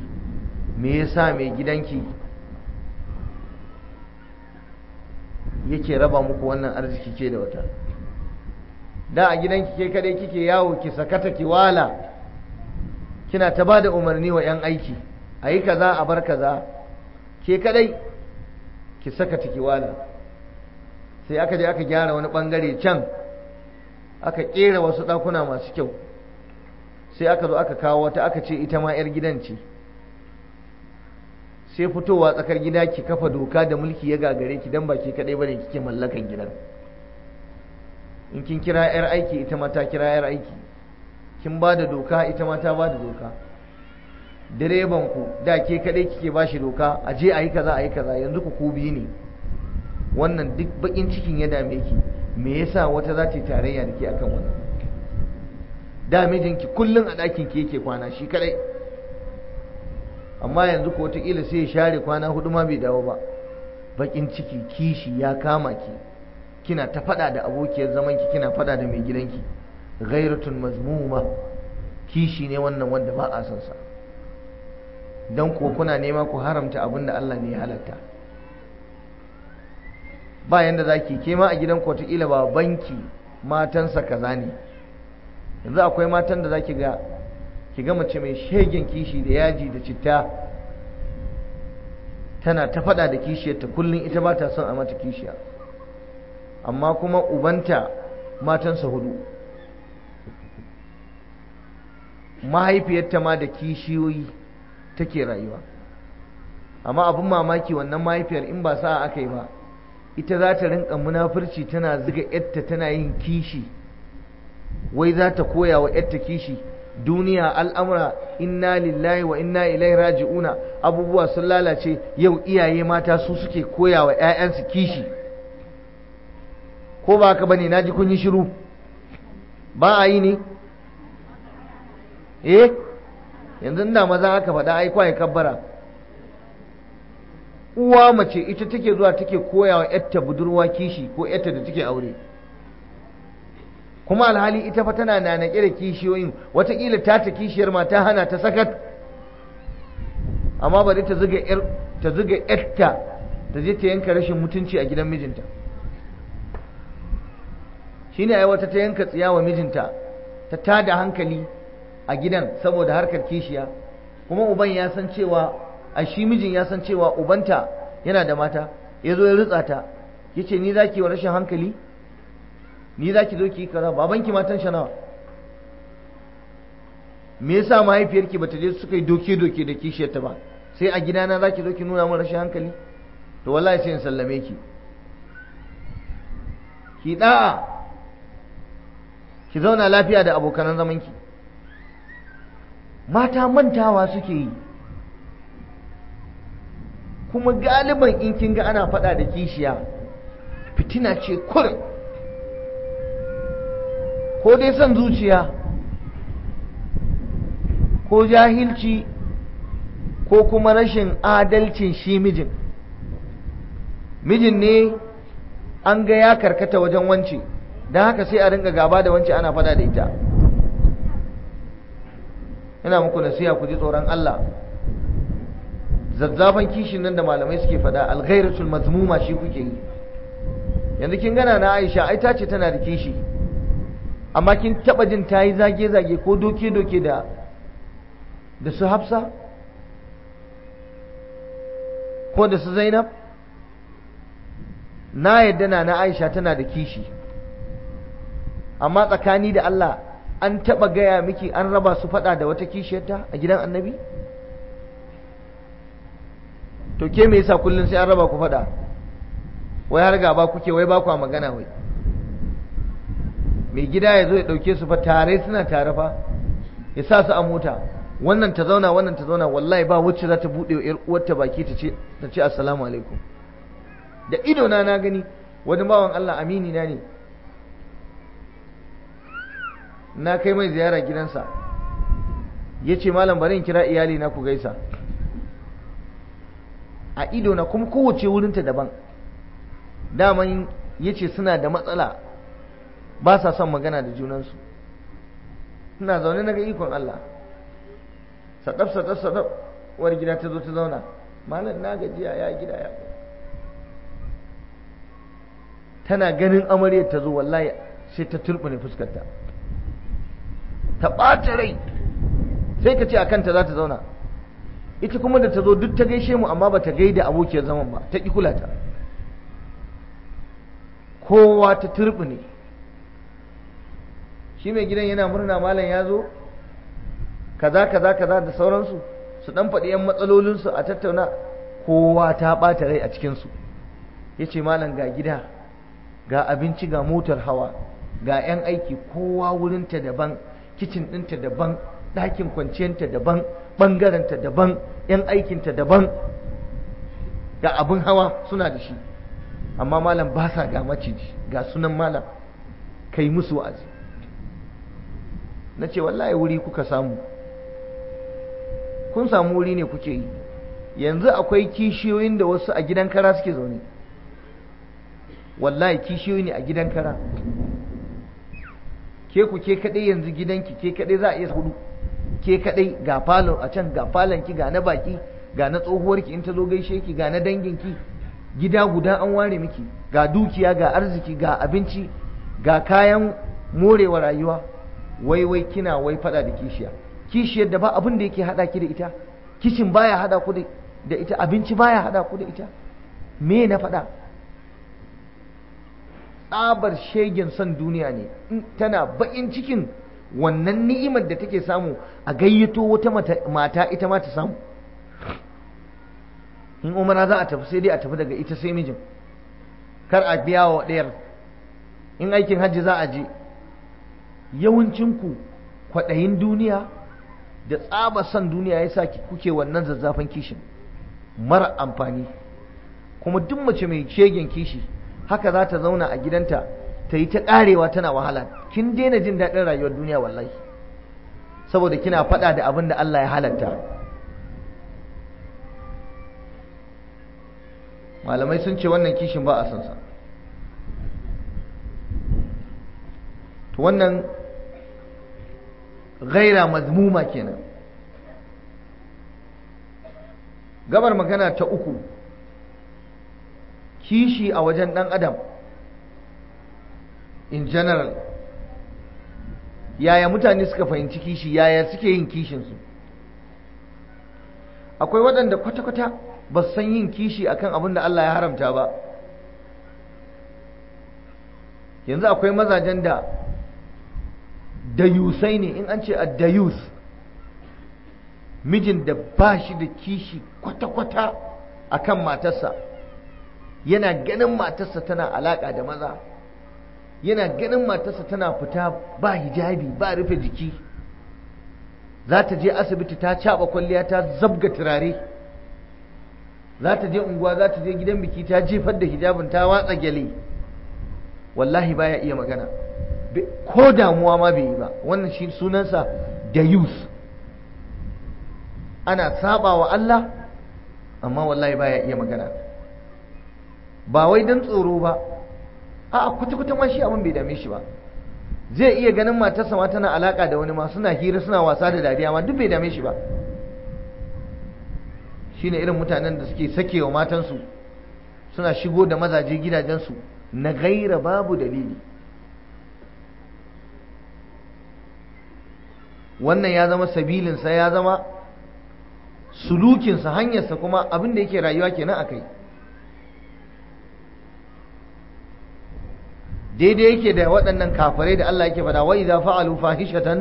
me ya sa mai gidanki yake raba muku wannan arziki ke da wata da a gidanki ke kadai kike yawo ki sakata ki wala kina ta ba da umarni wa 'yan aiki a yi kaza a bar kaza ke kadai ki sakata ki wala sai aka je aka gyara wani bangare can aka kera wasu dakuna masu kyau sai aka zo aka kawo wata aka ce ita ma 'yar gidan ce sai fitowa tsakar gida ki kafa doka da mulki ya gagare ki dan baki kadai bane kike mallakan gidan in kin kira 'yar aiki ita ma ta kira 'yar aiki kin ba da doka ita ma ta ba da doka direban ku da ke kadai kike ba shi doka a je a yi kaza a yi kaza yanzu ku ku biyu ne wannan duk bakin cikin ya dame ki me yasa wata za ta yi tarayya da ke akan wannan da mijinki kullum a ɗakin ki yake kwana shi kadai amma yanzu ko wataƙila sai ya share kwana hudu ma bai dawo ba bakin ciki kishi ya kama ki kina ta faɗa da abokiyar zamanki kina faɗa da mai gidanki ghairatun mazmuma kishi ne wannan wanda ba a son sa don ko kuna nema ku haramta abin da Allah ne ya halatta ba yanda za ke ma a gidan kotu ila ba banki matansa kaza ne yanzu akwai matan da ki ga ki ga mace mai shegen kishi da yaji da citta tana ta faɗa da kishiyarta kullum ita ba ta son a mata kishiya amma kuma ubanta matansa hudu mahaifiyarta ma da kishiyoyi take rayuwa amma abin mamaki wannan mahaifiyar in ba sa'a aka yi ba ita za ta rinka munafurci tana ziga yatta tana yin kishi wai za ta koya wa yatta kishi duniya al'amura inna lillahi wa inna ilai raji'una abubuwa sun lalace yau iyaye mata su suke koya wa 'ya'yansu kishi ko ba ka bane naji kun yi shiru ba a yi ne eh yanzu ina maza aka faɗa ai kwaye kabbara uwa mace ita take zuwa take koya wa yatta budurwa kishi ko yatta da take aure kuma alhali ita fa tana nanake da kishiyoyin watakila ta ta kishiyar ma ta hana ta sakat amma bari ta zuga yar ta zuga yatta ta je ta yanka rashin mutunci a gidan mijinta shine ai wata ta yanka tsiya wa mijinta ta tada hankali a gidan saboda harkar kishiya kuma uban ya san cewa a shi mijin ya san cewa ubanta yana da mata ya zo ya rutsa ta ya ce ni za ki wa rashin hankali ni za ki zo ki yi kaza babanki matan shanawa me yasa mahaifiyarki bata je suka yi doke-doke da kishiyarta ba sai a gidana za ki zo ki nuna min rashin hankali to wallahi sai in sallame ki ki da'a ki zauna lafiya da abokan zamanki mata mantawa suke yi kuma galiban in kin ga ana faɗa da kishiya fitina ce kurin ko dai son zuciya ko jahilci ko kuma rashin adalcin shi mijin mijin ne an ga ya karkata wajen wance don haka sai a ringa gaba da wance ana faɗa da ita ina muku nasiha ku ji tsoron Allah zazzafan kishin nan da malamai suke faɗa alghairatul mazmuma shi kuke yi yanzu kin gana na Aisha ai ta ce tana da kishi amma kin taba jin tayi zage zage ko doke doke da da su Hafsa ko da su Zainab na yadda na na Aisha tana da kishi amma tsakani da Allah an taba gaya miki an raba su faɗa da wata kishiyarta a gidan Annabi to ke me yasa kullun sai an raba ku fada wai har ba kuke wai ba ku magana wai mai gida ya zo ya dauke su fa tare suna tare fa ya sa su a mota wannan ta zauna wannan ta zauna wallahi ba wacce za ta bude yar ta baki ta ce ta ce assalamu alaikum da ido na na gani wani bawan Allah amini na ne na kai mai ziyara gidansa yace malam bari in kira iyali na ku gaisa a ido na kuma kowace wurinta daban daman yace suna da matsala ba sa son magana da junansu suna zaune na ga ikon Allah sadaf sadaf sadaf war gida ta zo ta zauna malam na gajiya ya gida ya tana ganin amaryar ta zo wallahi sai ta turbine fuskarta ta ɓata rai sai ka ce a kanta za ta zauna ita kuma da ta zo duk ta gaishe mu amma ba ta gaida abokiyar zaman ba ta ƙi kula ta kowa ta turbi ne shi mai gidan yana murna malam ya zo kaza kaza kaza da sauransu su dan faɗi yan matsalolinsu a tattauna kowa ta ɓata rai a cikinsu ya ce malam ga gida ga abinci ga motar hawa ga 'yan aiki kowa wurinta daban kicin ɗinta daban ɗakin kwanciyarta daban ɓangaranta daban 'yan aikinta daban ga abin hawa suna da shi amma malam ba sa ga maciji ga sunan malam kai musu wa'azi na ce wallahi wuri kuka samu kun samu wuri ne kuke yi yanzu akwai kishiyoyin da wasu a gidan kara suke zaune wallahi kishiyoyi ne a gidan kara ke ku ke kaɗai yanzu gidanki ke kaɗai za a iya hudu ke kadai ga falon a can ga falon ki ga na baki ga na tsohuwar ki in ta zo gaishe ki ga na dangin ki gida guda an ware miki ga dukiya ga arziki ga abinci ga kayan morewa rayuwa wai wai kina wai fada da kishiya kishiyar da ba abin da yake hada ki da ita kishin baya hada ku da ita abinci baya hada ku da ita me na fada tsabar shegen son duniya ne tana bakin cikin wannan ni'imar da take samu a gayyato wata mata ita ma ta samu in umara za a tafi sai dai a tafi daga ita sai mijin kar a biya wa ɗayar in aikin hajji za a je yawancinku kwaɗayin duniya da tsaba son duniya ya sa kuke wannan zazzafan kishin mara amfani kuma duk mace mai shegen kishi haka za ta zauna a gidanta ta yi ta ƙarewa tana wahala kin daina jin daɗin rayuwar duniya wallahi saboda kina faɗa da abin da Allah ya halatta malamai sun ce wannan kishin ba a san sa to wannan gaira mazmuma kenan gabar magana ta uku kishi a wajen ɗan adam in general yaya mutane suka fahimci kishi yaya suke yin kishinsu akwai waɗanda kwata-kwata ba san yin kishi akan abin da Allah ya haramta ba yanzu akwai mazajen da dayusai ne in an ce a dayus mijin da ba shi da kishi kwata-kwata akan matarsa yana ganin matarsa tana alaƙa da maza yana ganin matarsa tana fita ba hijabi ba rufe jiki za ta je asibiti ta caɓa kwalliya ta zabga turare za ta je unguwa za ta je gidan biki ta jefar da hijabin ta watsa gyale wallahi baya iya magana ko damuwa ma bai yi ba wannan shi sunansa da yus ana saba wa Allah amma wallahi baya iya magana ba wai don tsoro ba A'a, kwata-kwata ma shi abin bai dame shi ba zai iya ganin matarsa ma tana alaka da wani ma suna hira suna wasa da dariya ma duk bai dame shi ba shine irin mutanen da suke sake wa matansu suna shigo da mazaje gidajensu na gaira babu dalili wannan ya zama sabilinsa ya zama sulukinsa hanyarsa kuma abin da yake rayuwa kenan a kai daidai yake da waɗannan kafirai da Allah yake faɗa wa idza fa'alu fahishatan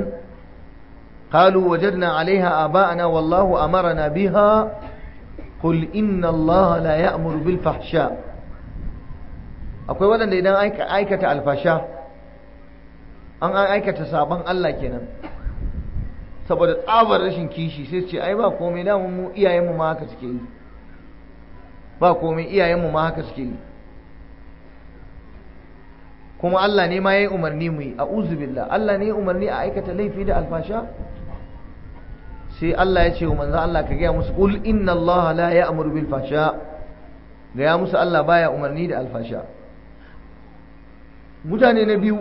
qalu wajadna 'alayha aba'ana wallahu amarna biha qul inna Allah la ya'muru bil fahsha akwai waɗanda idan aikata alfasha an aikata sabon Allah kenan saboda tsabar rashin kishi sai ce ai ba komai da mu iyayenmu ma haka suke yi ba komai iyayenmu ma haka suke yi kuma Allah ne ma ya yi umarni mu yi a uzubillah Allah ne umarni a aikata laifi da alfasha sai Allah ya ce wa manzo Allah ka gaya musu qul inna Allah la ya'muru bil fasha gaya musu Allah baya umarni da alfasha mutane na biyu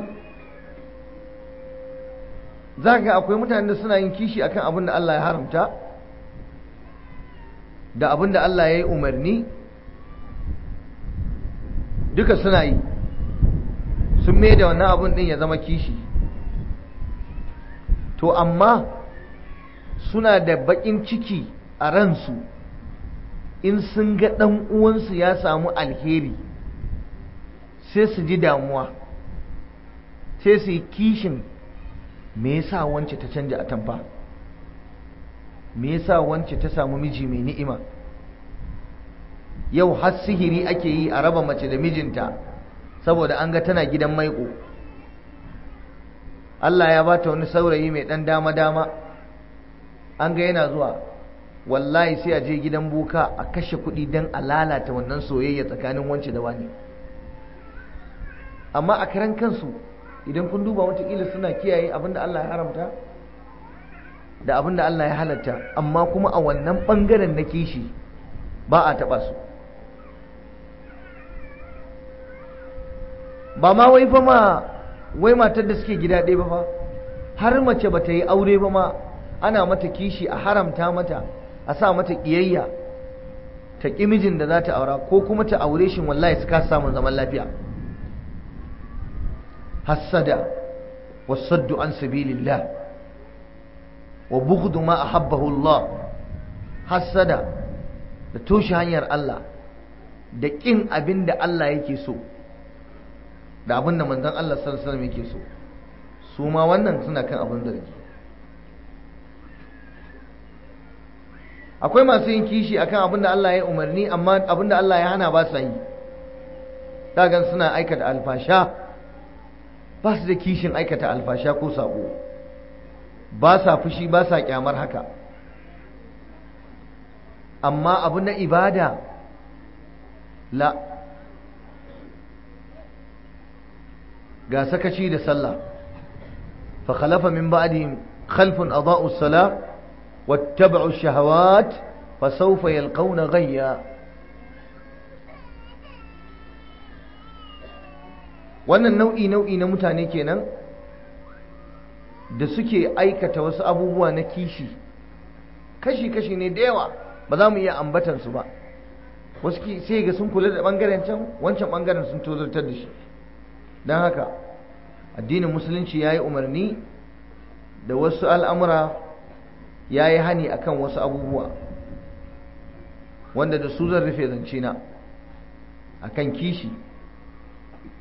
zaka akwai mutane da suna yin kishi akan abin da Allah ya haramta da abin da Allah ya yi umarni duka suna yi sun mai da wannan abun din ya zama kishi to amma suna da baƙin ciki a ransu in sun ga ɗan uwansu ya samu alheri sai su ji damuwa sai su yi kishin me yasa wance ta canja atamfa me yasa wance ta samu miji mai ni'ima yau har sihiri ake yi a raba mace da mijinta saboda an ga tana gidan maiƙo Allah ya ba ta wani saurayi mai ɗan dama-dama an ga yana zuwa wallahi sai a je gidan boka a kashe kuɗi don a lalata wannan soyayya tsakanin wance da wani amma a karan kansu idan kun duba watakila suna kiyaye abinda Allah ya haramta da abinda Allah ya halatta amma kuma a wannan ɓangaren na kishi ba a taɓa su ba ma wai fa ma wai matar da suke gida ɗaya ba fa har mace ba ta yi aure ba ma ana mata kishi a haramta mata a sa mata ƙiyayya ta ƙi mijin da za ta aura ko kuma ta aure shi wallahi su kasa samun zaman lafiya hassada saddu an sabilillah wa bughdu ma ahabbahu Allah hassada da toshe hanyar Allah da ƙin abin da Allah yake so da abin da manzon Allah sallallahu yake so su ma wannan suna kan abin zargi akwai masu yin kishi akan abin da Allah ya umarni amma abin da Allah ya hana ba su yi dagan suna aikata alfasha ba su da kishin aikata alfasha ko sabo ba sa fushi ba sa kyamar haka amma abu na ibada la ga sakaci da sallah fa khalafa min ba'dihim khalfun adaa'u as-salah wattaba'u ash-shahawat fa sawfa yalqawna ghayya wannan nau'i nau'i na mutane kenan da suke aikata wasu abubuwa na kishi kashi-kashi ne da yawa ba za mu iya ambatansu ba wasu sai ga sun kula da ɓangaren can wancan ɓangaren sun tozartar da shi don haka addinin musulunci ya yi umarni da wasu al'amura ya yi hani a kan wasu abubuwa wanda da su zan rufe zance na a kan kishi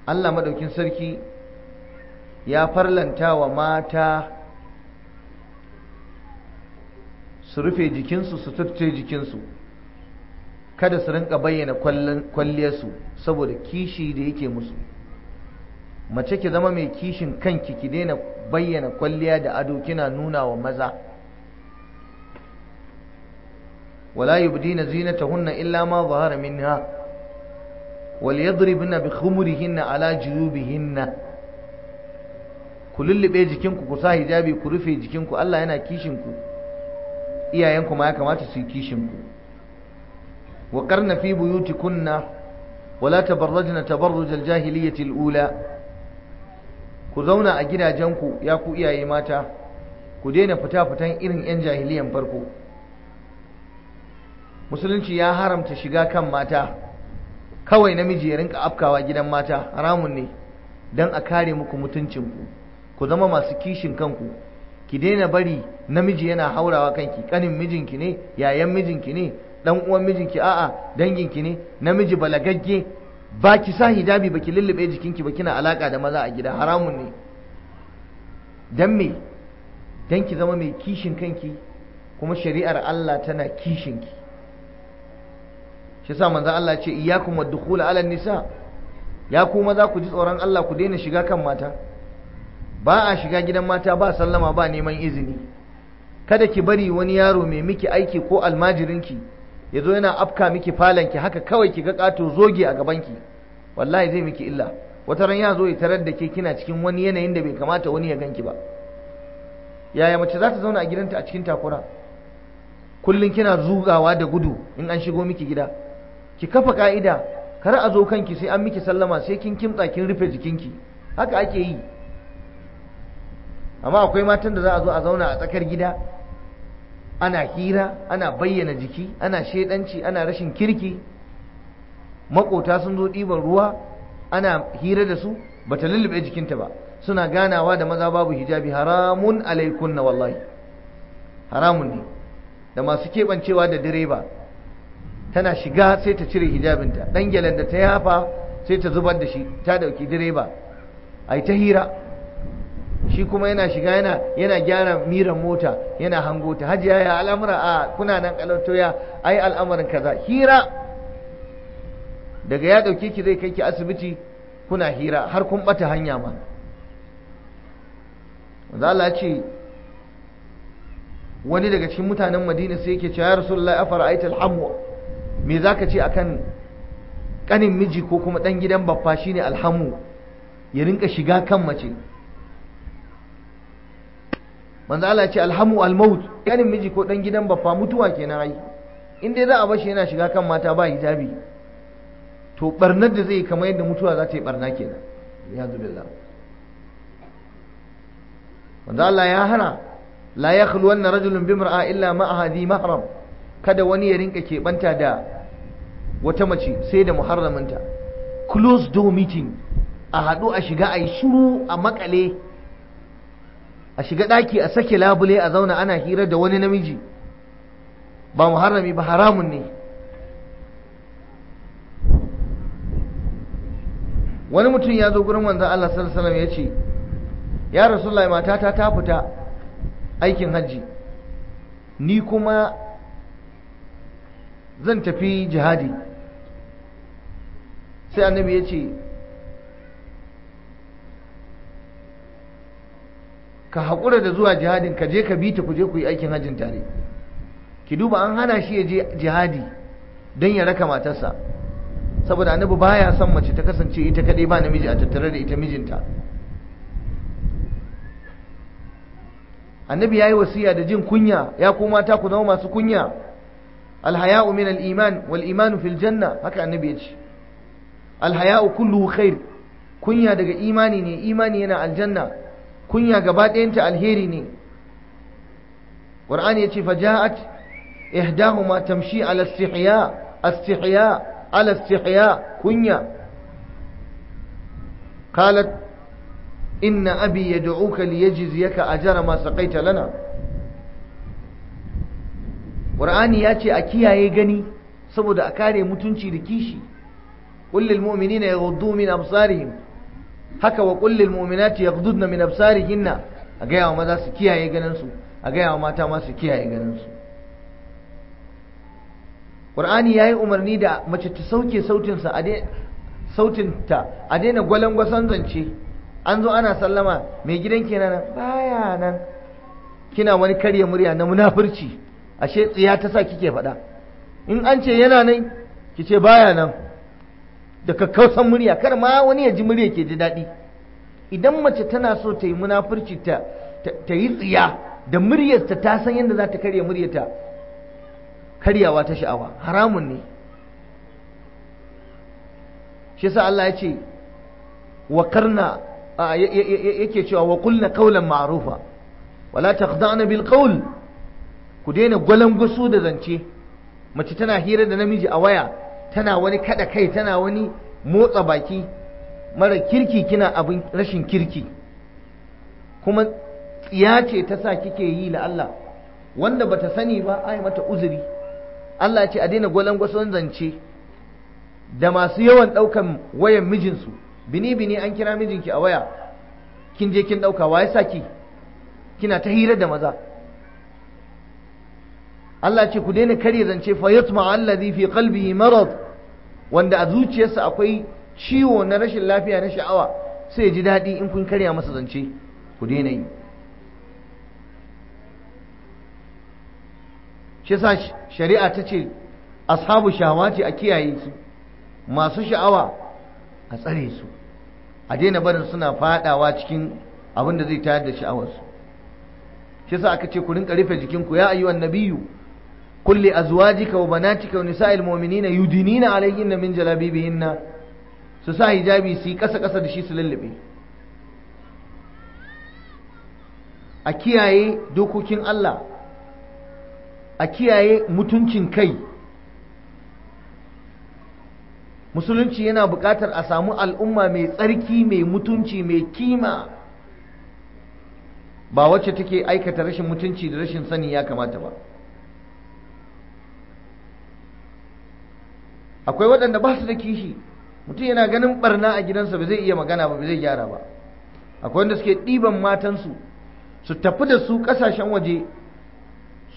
Allah maɗaukin sarki ya farlanta wa mata su rufe jikinsu su tafce jikinsu kada su rinka bayyana kwalliyarsu saboda kishi da yake musu mace ki zama mai kishin kanki ki daina bayyana kwalliya da ado kina nuna wa maza wala yubdina zinatahunna illa ma zahara minha وليضربن بخمرهن على جيوبهن ku lullube jikinku ku sa hijabi ku rufe jikinku Allah yana kishinku iyayenku ma ya kamata su yi ku. wa karna fi buyutikunna wala tabarrajna tabarruj aljahiliyyati alula ku zauna a gidajenku ya ku iyaye mata ku daina fita fitan irin 'yan jahiliyan farko musulunci ya haramta shiga kan mata kawai namiji ya rinka afkawa gidan mata haramun ne don a kare muku mutuncinku ku zama masu kishin kanku ki daina bari namiji yana haurawa kanki kanin mijinki ne yayan mijinki ne dan uwan mijinki a'a danginki ne namiji balagagge ba ki sa hijabi ba ki lullube jikinki ba kina alaka da maza a gida haramun ne dan me dan ki zama mai kishin kanki kuma shari'ar Allah tana kishin ki shi sa Allah ce iyyakum wadkhul ala nisa ya ku maza ku ji tsoron Allah ku daina shiga kan mata ba a shiga gidan mata ba sallama ba neman izini kada ki bari wani yaro mai miki aiki ko almajirinki ki Ya zo yana afka miki falon ki, haka kawai ki ga kato zoge a gabanki wallahi zai miki illa wata ran ya zo ya tarar da ke kina cikin wani yanayin da bai kamata wani ya ganki ba yaya mace za ta zauna a gidanta a cikin takura kullum kina zugawa da gudu in an shigo miki gida ki kafa ka'ida kar a zo kanki sai an miki sallama sai kin kimtsa kin rufe jikinki haka ake yi amma akwai matan da za a zo a zauna a tsakar gida ana hira ana bayyana jiki ana shaidanci ana rashin kirki makota sun zo ɗiban ruwa ana hira da su bata lullube jikinta ba suna ganawa da maza babu hijabi haramun na wallahi haramun ne da masu keɓancewa da direba tana shiga sai ta cire hijabinta ɗan gyalen da ta yafa sai ta zubar da shi ta ɗauki direba a ta hira shi kuma yana shiga yana yana gyara miran mota yana hango ta hajiya ya al'amura a kuna nan kalantoya? ya ai al'amarin kaza hira daga ya dauke ki zai kai ki asibiti kuna hira har kun bata hanya ma zala ce wani daga cikin mutanen madina sai yake cewa ya rasulullahi afara aital hamwa me zaka ce akan kanin miji ko kuma dan gidan baffa shine alhamu ya rinka shiga kan mace manzo Allah ya ce alhamu almaut kanin miji ko dan gidan baffa mutuwa kenan ai in dai za a bashi yana shiga kan mata ba hijabi to barnar da zai kamar yadda mutuwa za ta yi barna kenan ya zubillah manzo Allah ya hana la yakhluwanna rajulun bimra'a illa ma'aha dhi mahram kada wani ya rinka keɓanta da wata mace sai da muharraminta close door meeting a haɗu a shiga a yi shiru a makale a shiga ɗaki a sake labule a zauna ana hira da wani namiji ba muharrami ba haramun ne wani mutum ya zo gurin manzan Allah sallallahu ya ce ya rasulullahi matata ta fita aikin hajji ni kuma zan tafi jihadi sai annabi ya ce ka haƙura da zuwa jihadin ka je ka bi ta ku je ku yi aikin hajjin tare ki duba an hana shi ya je jihadi don ya raka matarsa saboda annabi baya son mace ta kasance ita kadai ba namiji a tattare da ita mijinta annabi ya yi wasiya da jin kunya ya koma mata ku zama masu kunya alhaya'u min al-iman wal imanu fil janna haka annabi ya ce alhaya'u kulluhu khair kunya daga imani ne imani yana aljanna kunya gaba ɗayanta alheri ne ƙur'ani ya ce faja'at ma tamshi ala istihya istihya ala istihya kunya qalat inna abi yad'uka liyajziyaka ajra ma saqaita lana ƙur'ani ya ce a kiyaye gani saboda a kare mutunci da kishi kullil mu'minina yaghuddu min absarihim haka wa kullil mu'minati yaghdudna min absarihinna a gaya wa maza su kiyaye ganin su a gaya wa mata ma su kiyaye ganin su Qur'ani yayi umarni da mace ta sauke sautin sa a sautin ta a daina gwalangwasan zance an zo ana sallama mai gidan kenan baya nan kina wani karya murya na munafurci ashe tsiya ta sa kike faɗa in an ce yana nan ki ce baya nan da kakkausan murya kar ma wani ya ji murya ke ji daɗi idan mace tana so ta yi munafurci ta ta yi tsiya da muryarta ta san yadda za ta karya muryarta karyawa ta sha'awa haramun ne shi yasa Allah ya ce wa karna yake cewa wa qulna kaulan ma'rufa wala takhda'na bil qawl ku daina gwalangwaso da zance mace tana hira da namiji a waya tana wani kada kai tana wani motsa baki mara kirki kina abin rashin kirki kuma tsiya ce ta sa kike yi la Allah wanda bata sani ba ai mata uzuri Allah ce a daina gwalangwason zance da masu yawan ɗaukan wayan mijinsu bini bini an kira mijinki a waya kin je kin ɗauka wa ya kina ta hira da maza Allah ce ku daina kare zance fa yatma alladhi fi qalbihi marad wanda a zuciyarsa akwai ciwo na rashin lafiya na sha'awa sai ya ji daɗi in kun karya masa zance ku daina yi shi sa shari'a ta ce ashabu shawati a kiyaye su masu sha'awa a tsare su a daina barin suna fadawa cikin abin da zai tayar da sha'awarsu shi aka ce ku rinka rufe jikinku ya ayyuhan nabiyyu kulli azwajika wa banatika wa nisa'il mu'minina yudinina alayhinna min jalabibihinna su sa hijabi su yi kasa kasa da shi su lullube a kiyaye dokokin Allah a kiyaye mutuncin kai musulunci yana buƙatar a samu al'umma mai tsarki mai mutunci mai kima ba wacce take aikata rashin mutunci da rashin sani ya kamata ba akwai waɗanda ba su da kishi mutum yana ganin barna a gidansa ba zai iya magana ba ba zai gyara ba akwai wanda suke ɗiban matansu su tafi da su ƙasashen waje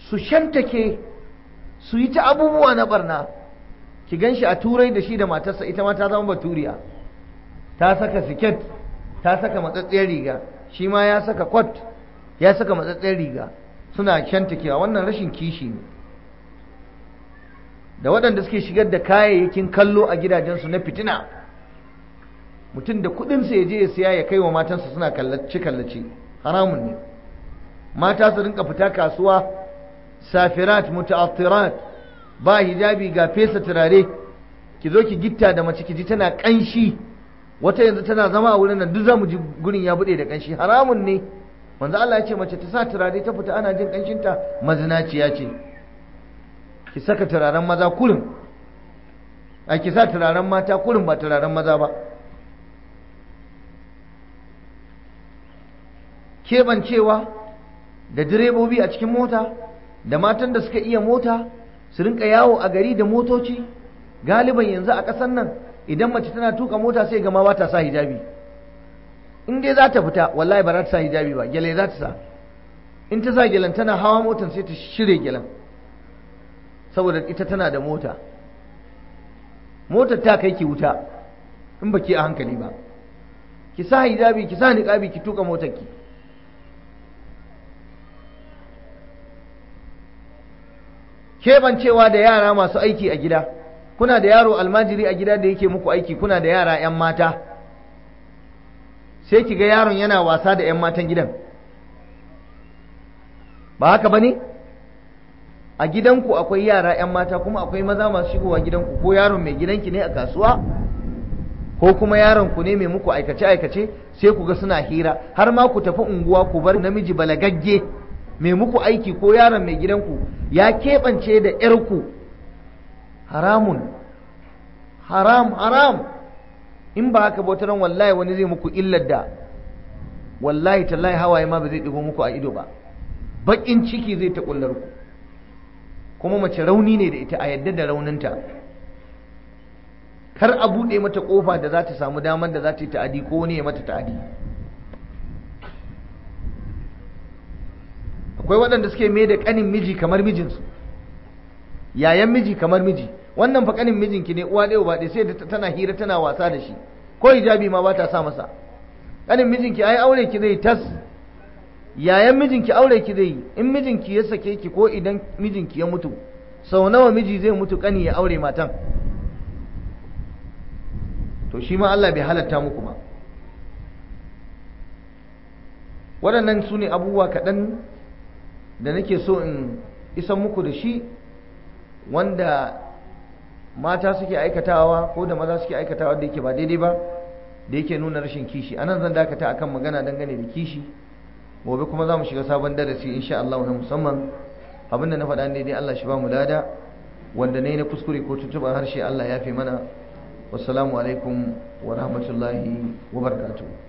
su shantake su yi ta abubuwa na barna ki gan shi a turai da shi da matarsa ita ma ta zama baturiya ta saka siket ta saka matsatsiyar riga shi ma ya saka kwat ya saka matsatsiyar riga suna shantakewa wannan rashin kishi ne da waɗanda suke shigar da kayayyakin kallo a gidajensu na fitina mutum da kuɗinsa ya je ya siya ya kai wa matansa suna kallace-kallace haramun ne mata su rinka fita kasuwa safirat muta'attirat ba hijabi ga fesa turare ki zo ki gitta da mace ki ji tana kanshi wata yanzu tana zama a wurin nan duk zamu ji gurin ya bude da kanshi haramun ne manzo Allah ya ce mace ta sa turare ta fita ana jin ƙanshinta mazinaciya ce ki saka turaren maza kurin a ki sa turaren mata kurin ba turaren maza ba keɓancewa da direbobi a cikin mota da matan da suka iya mota su rinka yawo a gari da motoci galiban yanzu a ƙasar nan idan mace tana tuka mota sai gama ba ta sa hijabi in dai za ta fita wallahi ba za ta sa hijabi ba gyale za ta sa in ta sa gyalen tana hawa motan sai ta shirya gyalen saboda ita tana da mota motar ta kai ki wuta in baki a hankali ba ki sa hijabi ki sa niqabi ki tuka motar ki cewa da yara masu aiki a gida kuna da yaro almajiri a gida da yake muku aiki kuna da yara 'yan mata sai ki ga yaron yana wasa da 'yan matan gidan ba haka ba ne a gidanku akwai yara 'yan mata kuma akwai maza masu shigowa gidanku ko yaron mai gidanki ne a kasuwa ko kuma yaron ku ne mai muku aikace aikace sai ku ga suna hira har ma ku tafi unguwa ku bar namiji balagagge mai muku aiki ko yaron mai gidanku ya keɓance da 'yarku haramun haram haram in ba haka bautar wallahi wani zai muku illar da wallahi tallahi hawaye ma ba zai ɗigo muku a ido ba baƙin ciki zai ta ƙullar ku kuma mace rauni ne da ita a yadda da rauninta kar a buɗe mata ƙofa da za ta samu damar da za ta yi ta'adi ko wani ya mata ta'adi akwai waɗanda suke mai da ƙanin miji kamar mijinsu yayan miji kamar miji wannan fa ƙanin mijinki ne uwa ɗaya ba ɗaya sai da tana hira tana wasa da shi ko hijabi ma ba ta sa masa ƙanin mijinki ai aure ki zai tas yayan mijinki aure ki zai yi in mijinki ya sake ki ko idan mijinki ya mutu sau nawa miji zai mutu kani ya aure matan to shi ma Allah bai halatta muku ba waɗannan su ne abubuwa kaɗan da nake so in isan muku da shi wanda mata suke aikatawa ko da maza suke aikatawa da yake ba daidai ba da yake nuna rashin kishi anan zan dakata akan magana dangane da kishi gobe kuma za mu shiga sabon darasi insha Allah na musamman abinda na faɗa ne dai Allah shi ba mu lada wanda yi na kuskure ko tuntuɓa harshe Allah ya fi mana wassalamu alaikum wa rahmatullahi wa barakatuh